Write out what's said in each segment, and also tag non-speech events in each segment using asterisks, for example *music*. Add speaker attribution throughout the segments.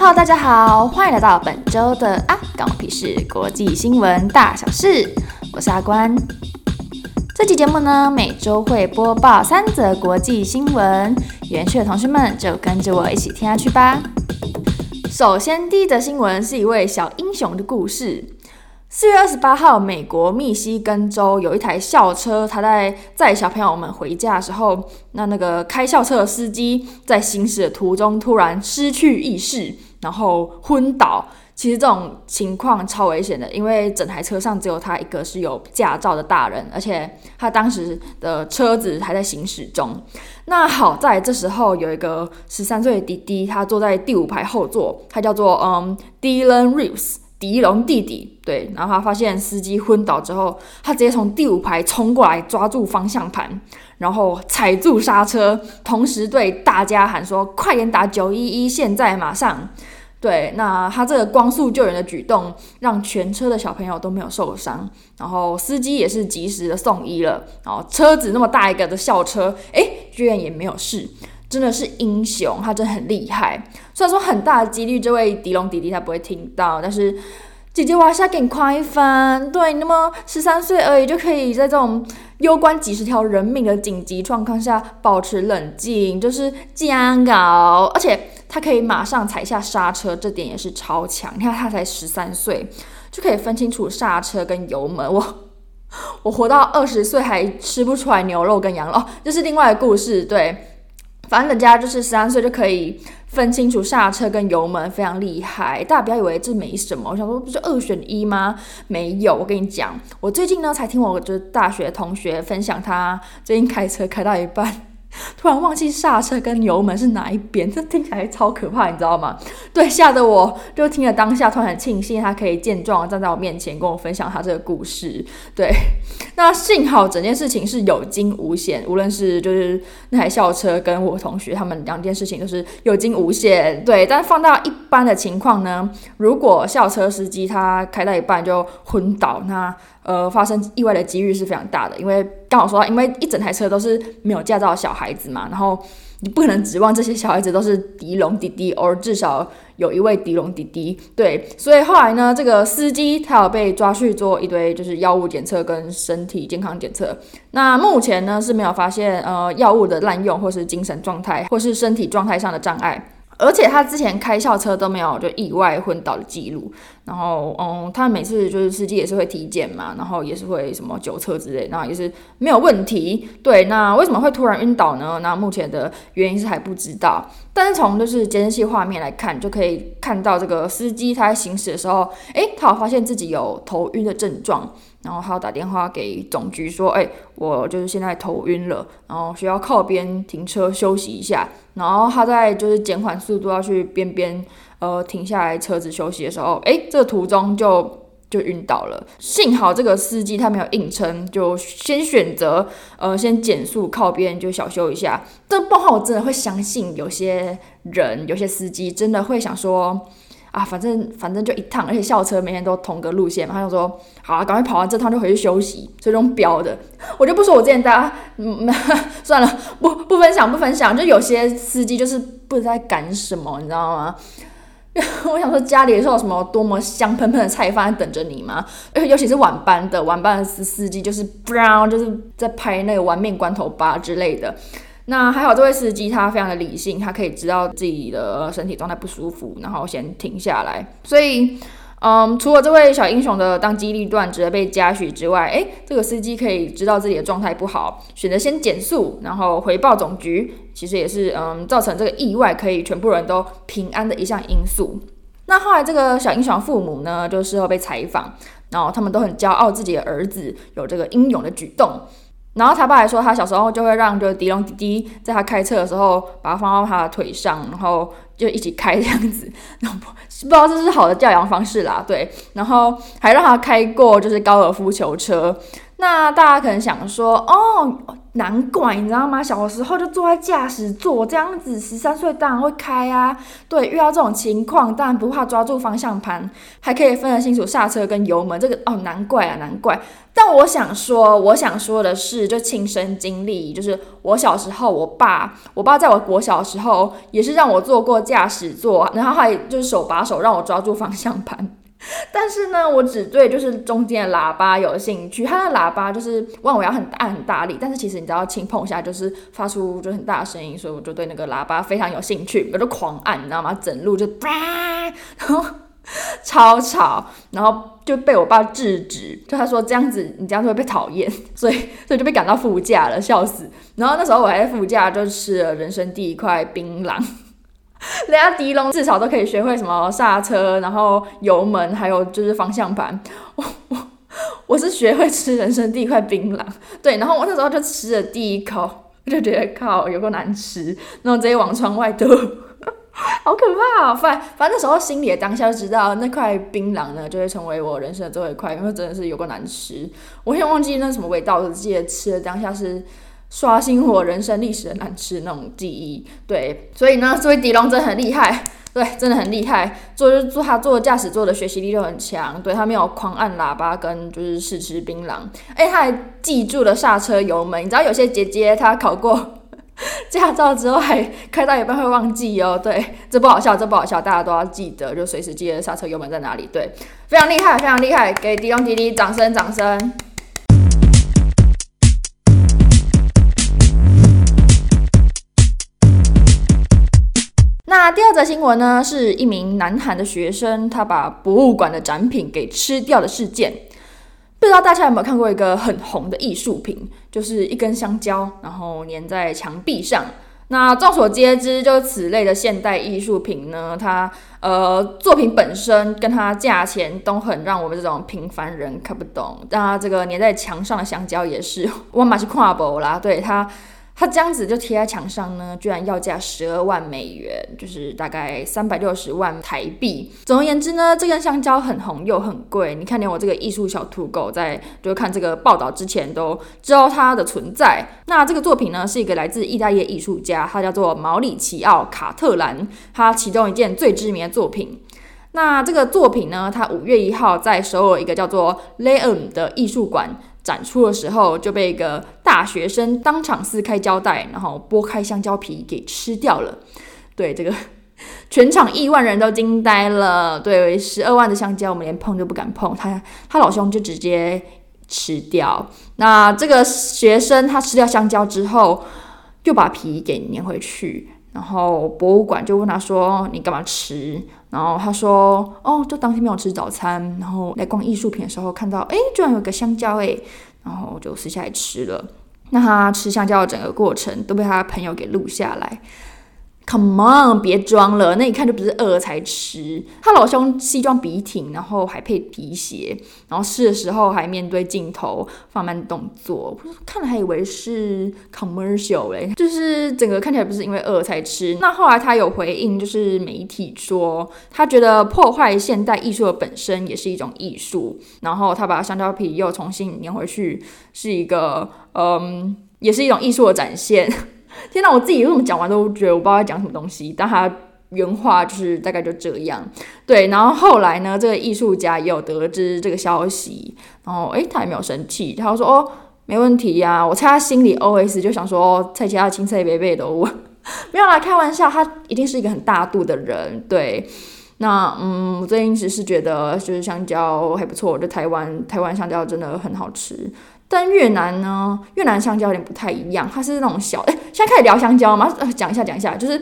Speaker 1: Hello，大家好，歡迎來到本周的《阿港屁事國際新聞大小事》，我是阿關。這期節目呢，每周會播報三則國際新聞，園區的同學們就跟着我一起聽下去吧。首先第一則新聞是一位小英雄的故事。四月二十八號，美國密西根州有一台校車，他在載小朋友們回家的時候，那那個開校車的司機在行駛的途中突然失去意識，然後昏倒。其實這種情況超危險的，因為整台車上只有他一個是有駕照的大人，而且他當時的車子還在行駛中。那好在這時候有一個十三歲的弟弟，他坐在第五排後座，他叫做嗯、um, Dylan Reeves。狄龍弟弟，對，然後他發現司機昏倒之後，他直接從第五排衝過來，抓住方向盤，然後踩住剎車，同時對大家喊說：“快點打九一一，現在馬上。”對，那他這個光速救援的舉動，讓全車的小朋友都沒有受傷，然後司機也是及時的送醫了，然後車子那麼大一個的校車，誒、欸，居然也沒有事。真的是英雄，他真的很厲害。雖然說很大的幾率這位狄龍弟弟他不會聽到，但是姐姐我還是要給你誇一番。對，那麼十三歲而已就可以在這種攸關幾十條人命的緊急狀況下保持冷靜，就是佳稿。而且他可以馬上踩下剎車，這點也是超強。你看他才十三歲就可以分清楚剎車跟油門，我我活到二十歲還吃不出來牛肉跟羊肉，哦，這是另外的故事。對。反正人家就是十三歲就可以分清楚剎車跟油門，非常厲害。大家不要以為這沒什麼。我想說，不是二選一嗎？沒有，我跟你講，我最近呢才聽我就是大學同學分享，他最近開車開到一半。突然忘記剎車跟油門是哪一邊，這聽起來超可怕，你知道嗎？對，嚇得我就聽了當下，突然很慶幸他可以健壯站在我面前，跟我分享他這個故事。對，那幸好整件事情是有驚無險，無論是就是那台校車跟我同學他們兩件事情都是有驚無險。對，但放到一般的情況呢，如果校車司機他開到一半就昏倒，那。呃，發生意外的幾率是非常大的，因為剛好說到，因為一整台車都是沒有駕照的小孩子嘛，然後你不可能指望這些小孩子都是迪龍弟弟，而至少有一位迪龍弟弟，對，所以後來呢，這個司機他有被抓去做一堆就是藥物檢測跟身體健康檢測，那目前呢是沒有發現呃藥物的濫用或是精神狀態或是身體狀態上的障礙。而且他之前開校車都沒有就意外昏倒的記錄，然後嗯，他每次就是司機也是會體檢嘛，然後也是會什麼酒測之類，然後也是沒有問題。對，那為什麼會突然暈倒呢？那目前的原因是還不知道，但是從就是監視器畫面來看，就可以看到這個司機他在行駛的時候，誒、欸，他發現自己有頭暈的症狀。然後他打電話給總局說：“哎，我就是現在頭暈了，然後需要靠邊停車休息一下。然後他在就是減緩速度要去邊邊呃停下來車子休息的時候，哎，這個途中就就暈倒了。幸好這個司機他沒有硬撐，就先選擇呃先減速靠邊就小休一下。這個不好，我真的會相信有些人有些司機真的會想說。”啊，反正反正就一趟，而且校車每天都同個路線嘛。他就說：“好啊，趕快跑完這趟就回去休息。”所以這種飆的，我就不說。我之前在，嗯嗯，算了，不不分享不分享。就有些司機就是不知道在趕什麼，你知道嗎？然 *laughs* 後我想說家裡是有什麼多麼香噴噴的菜飯等着你嗎？而且尤其是晚班的晚班司司機，就是不然就是在拍那個玩命關頭吧之類的。那還好，這位司機他非常的理性，他可以知道自己的身體狀態不舒服，然後先停下來。所以，嗯，除了這位小英雄的當機立斷值得被嘉許之外，誒、欸，這個司機可以知道自己的狀態不好，選擇先減速，然後回報總局，其實也是嗯造成這個意外可以全部人都平安的一項因素。那後來這個小英雄父母呢，就事後被採訪，然後他們都很驕傲自己的兒子有這個英勇的舉動。然後他爸還說，他小時候就會讓就是迪龍迪迪在他開車的時候，把他放到他的腿上，然後就一起開這樣子。然後不知道這是好的教養方式啦，對。然後還讓他開過就是高爾夫球車。那大家可能想說，哦，難怪你知道嗎？小時候就坐在駕駛座這樣子，十三歲當然會開啊。對，遇到這種情況當然不怕，抓住方向盤，還可以分得清楚剎車跟油門。這個哦，難怪啊，難怪。但我想說，我想說的是，就親身經歷，就是我小時候，我爸，我爸在我國小時候也是讓我坐過駕駛座，然後還就是手把手讓我抓住方向盤。但是呢，我只對就是中間的喇叭有興趣，它的喇叭就是忘我要很大，很大力，但是其實你知道輕碰一下就是發出就很大聲音，所以我就對那個喇叭非常有興趣，我就狂按，你知道嗎？整路就，呃、然後超吵，然後就被我爸制止，就他說這樣子你這樣會被討厭，所以所以就被趕到副駕了，笑死。然後那時候我還在副駕，就吃了人生第一塊檳榔。人家狄龍至少都可以學會什麼剎車，然後油門，還有就是方向盤。我我，我是學會吃人生第一塊檳榔，對，然後我那時候就吃了第一口，就覺得靠，有夠難吃，然後直接往窗外吐， *laughs* 好可怕喔！反反正那時候心裡的當下就知道那塊檳榔呢，就會成為我人生的最後一塊，因為真的是有夠難吃。我也忘記那什麼味道，我記得吃的當下是。刷新我人生歷史的難吃那種記憶，對，所以呢，所以狄龍真的很厲害，對，真的很厲害。坐就坐他坐駕駛座的學習力就很強，對他沒有狂按喇叭跟就是試吃檳榔，誒、欸，他還記住了剎車油門。你知道有些姐姐她考過駕照之後，還開到一半會忘記哦，對，這不好笑，這不好笑，大家都要記得，就隨時記得剎車油門在哪裡，對，非常厲害，非常厲害，給狄龍弟弟掌聲，掌聲。那第二則新聞呢，是一名南韓的學生，他把博物館的展品給吃掉的事件。不知道大家有沒有看過一個很紅的藝術品，就是一根香蕉，然後粘在牆壁上。那眾所皆知，就是此類的現代藝術品呢，它呃作品本身跟它價錢都很讓我們這種平凡人看不懂。那這個粘在牆上的香蕉也是，我嘛是看無啦，對它。它這樣子就貼在牆上呢，居然要價十二萬美元，就是大概三百六十萬台幣。總而言之呢，這根香蕉很紅又很貴。你看連我這個藝術小土狗在就看這個報道之前都知道它的存在。那這個作品呢，是一個來自意大利的藝術家，他叫做毛里奇奧·卡特蘭，他其中一件最知名的作品。那這個作品呢，他五月一號在首爾一個叫做 Leum 的藝術館。展出的時候就被一個大學生當場撕開膠帶，然後剝開香蕉皮給吃掉了。對，這個全場億萬人都驚呆了。對，十二萬的香蕉我們連碰都不敢碰，他他老兄就直接吃掉。那這個學生他吃掉香蕉之後，就把皮給粘回去。然後博物館就問他說：“你幹嘛吃？”然後他說：“哦，就當天沒有吃早餐，然後來逛藝術品的時候看到，哎，居然有個香蕉，哎，然後就撕下來吃了。那他吃香蕉的整個過程都被他朋友給錄下來。” Come on，別裝了，那一看就不是餓才吃。他老兄西裝筆挺，然後還配皮鞋，然後試的時候還面對鏡頭放慢動作，看了還以為是 commercial 欸，就是整個看起來不是因為餓才吃。那後來他有回應，就是媒體說他覺得破壞現代藝術的本身也是一種藝術，然後他把香蕉皮又重新粘回去，是一個嗯，也是一種藝術的展現。天哪、啊，我自己為什麼講完都覺得我不知道他講什麼東西。但他原話就是大概就這樣，對。然後後來呢，這個藝術家也有得知這個消息，然後哎、欸，他也沒有生氣，他就說哦，沒問題呀、啊。我猜他心裡 OS 就想說，蔡家青菜貝貝的我，沒有啦，開玩笑，他一定是一個很大度的人。對，那嗯，我最近只是覺得就是香蕉還不錯，就台灣台灣香蕉真的很好吃。但越南呢？越南香蕉有點不太一樣，它是那種小，哎、欸，現在開始聊香蕉嗎？呃，講一下，講一下，就是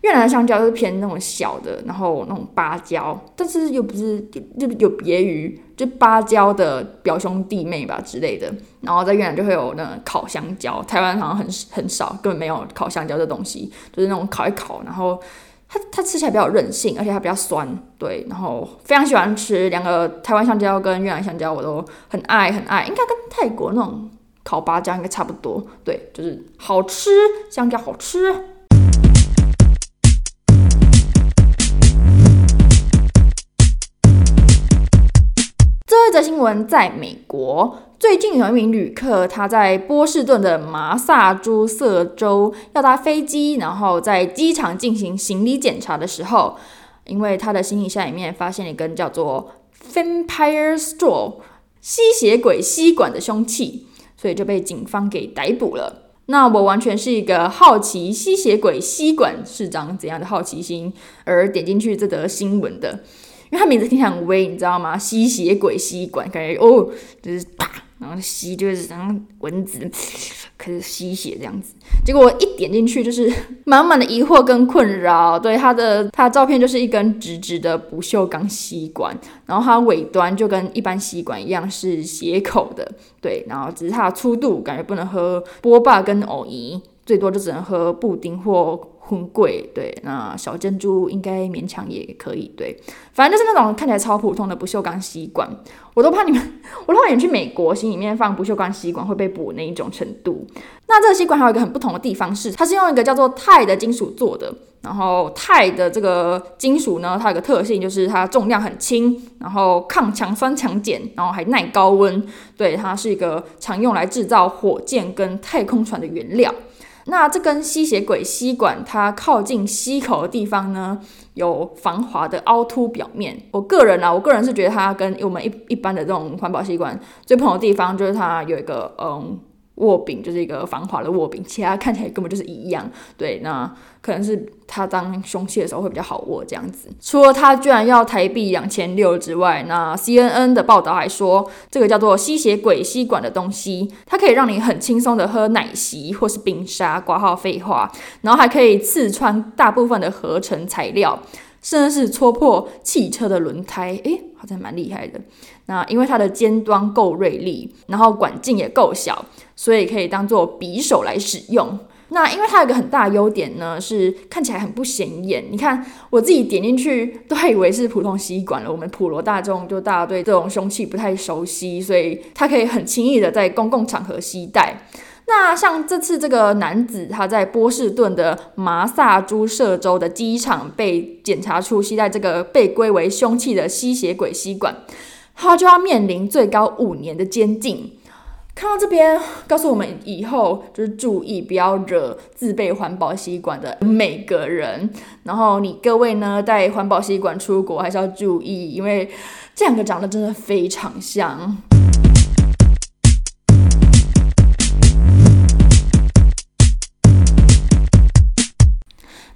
Speaker 1: 越南的香蕉是偏那種小的，然後那種芭蕉，但是又不是，又有別於就芭蕉的表兄弟妹吧之類的。然後在越南就會有那種烤香蕉，台灣好像很很少，根本沒有烤香蕉這東西，就是那種烤一烤，然後。它它吃起來比較有韌性，而且它比較酸，對，然後非常喜歡吃兩個台灣香蕉跟越南香蕉，我都很愛很愛，應該跟泰國那種烤芭蕉應該差不多，對，就是好吃，香蕉好吃。新聞在美國，最近有一名旅客，他在波士頓的馬薩諸塞州要搭飛機，然後在機場進行行李檢查的時候，因為他的行李箱裡面發現了一根叫做 vampire straw（ 吸血鬼吸管）的兇器，所以就被警方給逮捕了。那我完全是一個好奇吸血鬼吸管是長怎樣的好奇心而點進去這則新聞的。因為他名字挺像 v，威，你知道嗎？吸血鬼吸管，感覺哦，就是啪、啊，然後吸就是像蚊子，開始吸血這樣子。結果我一點進去就是滿滿的疑惑跟困擾。對，他的他的照片就是一根直直的不鏽鋼吸管，然後它尾端就跟一般吸管一樣是斜口的，對，然後只是它的粗度感覺不能喝波霸跟芋泥。最多就只能喝布丁或粉粿，對，那小珍珠應該勉強也可以，對，反正就是那種看起來超普通的不鏽鋼吸管，我都怕你們，我怕你們去美國，心裡面放不鏽鋼吸管會被捕那一種程度。那這個吸管還有一個很不同的地方是，它是用一個叫做鈦的金屬做的。然後鈦的這個金屬呢，它有個特性就是它重量很輕，然後抗強酸強鹼，然後還耐高溫，對，它是一個常用來製造火箭跟太空船的原料。那這根吸血鬼吸管，它靠近吸口的地方呢，有防滑的凹凸表面。我個人啊，我個人是覺得它跟我們一一般的這種環保吸管最不同的地方，就是它有一個嗯。握柄就是一個防滑的握柄，其他看起來根本就是一樣。對，那可能是它當凶器的時候會比較好握這樣子。除了它居然要台幣兩千六之外，那 CNN 的報道還說，這個叫做吸血鬼吸管的東西，它可以讓你很輕鬆的喝奶昔或是冰沙，括號廢話，然後還可以刺穿大部分的合成材料。甚至是戳破汽車的輪胎，誒、欸，好像蠻厲害的。那因為它的尖端夠銳利，然後管徑也夠小，所以可以當做匕首來使用。那因為它有一個很大優點呢，是看起來很不顯眼。你看，我自己點進去都還以為是普通吸管了。我們普羅大眾就大家對這種兇器不太熟悉，所以它可以很輕易的在公共場合攜帶。那像這次這個男子，他在波士頓的馬薩諸塞州的機場被檢查出攜帶這個被歸為凶器的吸血鬼吸管，他就要面臨最高五年的監禁。看到這邊，告訴我們以後就是注意不要惹自備環保吸管的每個人。然後你各位呢，帶環保吸管出國還是要注意，因為這兩個長得真的非常像。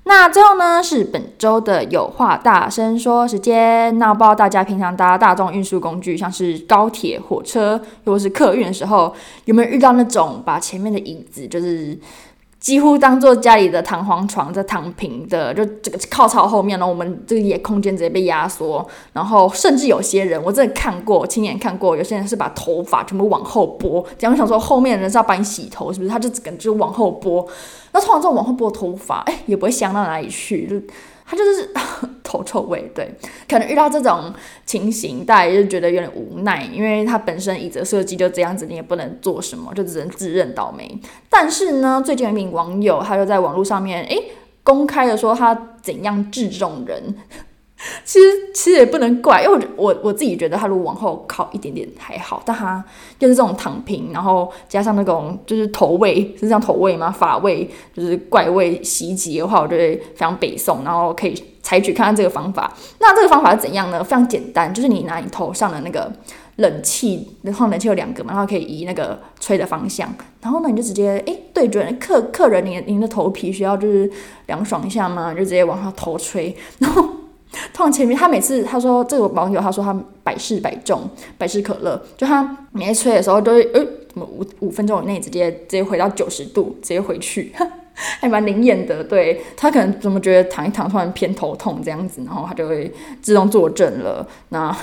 Speaker 1: 那最後呢，是本週的有話大聲說時間。那我不知道大家平常搭大眾運輸工具，像是高鐵、火車或是客運的時候，有沒有遇到那種把前面的椅子，就是？幾乎當做家裡的彈簧床在躺平的，就這個靠槽後面呢，我們這個也空間直接被壓縮，然後甚至有些人我真的看過，親眼看過，有些人是把頭髮全部往後撥，講想說後面的人是要幫你洗頭是不是？他就只能就往後撥，那通常這種往後撥頭髮，欸，也不會香到哪裡去。就他就是呵呵頭臭味，對，可能遇到這種情形，大家就覺得有點無奈，因為他本身椅子設計就這樣子，你也不能做什麼，就只能自認倒霉。但是呢，最近有一名網友，他就在網絡上面，哎，公開的說他怎樣治這種人。其實其實也不能怪，因為我我自己覺得他如果往後靠一點點還好，但他就是這種躺平，然後加上那種就是頭味，是這樣頭味嗎？髮味就是怪味襲擊的話，我覺得非常北宋，然後可以採取看看這個方法。那這個方法是怎樣呢？非常簡單，就是你拿你頭上的那個冷氣，然後冷氣有兩個嘛，然後可以移那個吹的方向，然後呢你就直接誒對準客客人您您的頭皮需要就是涼爽一下嘛，就直接往上頭吹，然後。通常前面，他每次他說這個網友，他說他百試百中，百事可樂，就他每次吹的時候，都會誒，怎麼五五分鐘以內直接直接回到九十度，直接回去，還蠻靈驗的。對，他可能怎麼覺得躺一躺突然偏頭痛這樣子，然後他就會自動坐正了。那。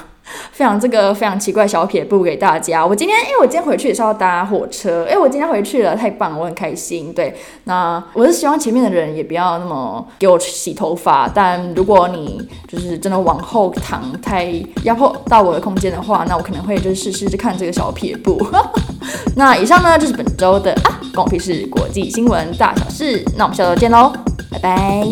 Speaker 1: 非常，這個非常奇怪的小撇步給大家。我今天，因、欸、為我今天回去也是要搭火車，哎、欸，我今天回去了，太棒了，我很開心。對，那我是希望前面的人也不要那麼給我洗頭髮，但如果你就是真的往後躺太壓迫到我的空間的話，那我可能會就是試試看這個小撇步。 *laughs* 那以上呢就是本周的啊關我屁事國際新聞大小事，那我們下周見嘍，拜拜。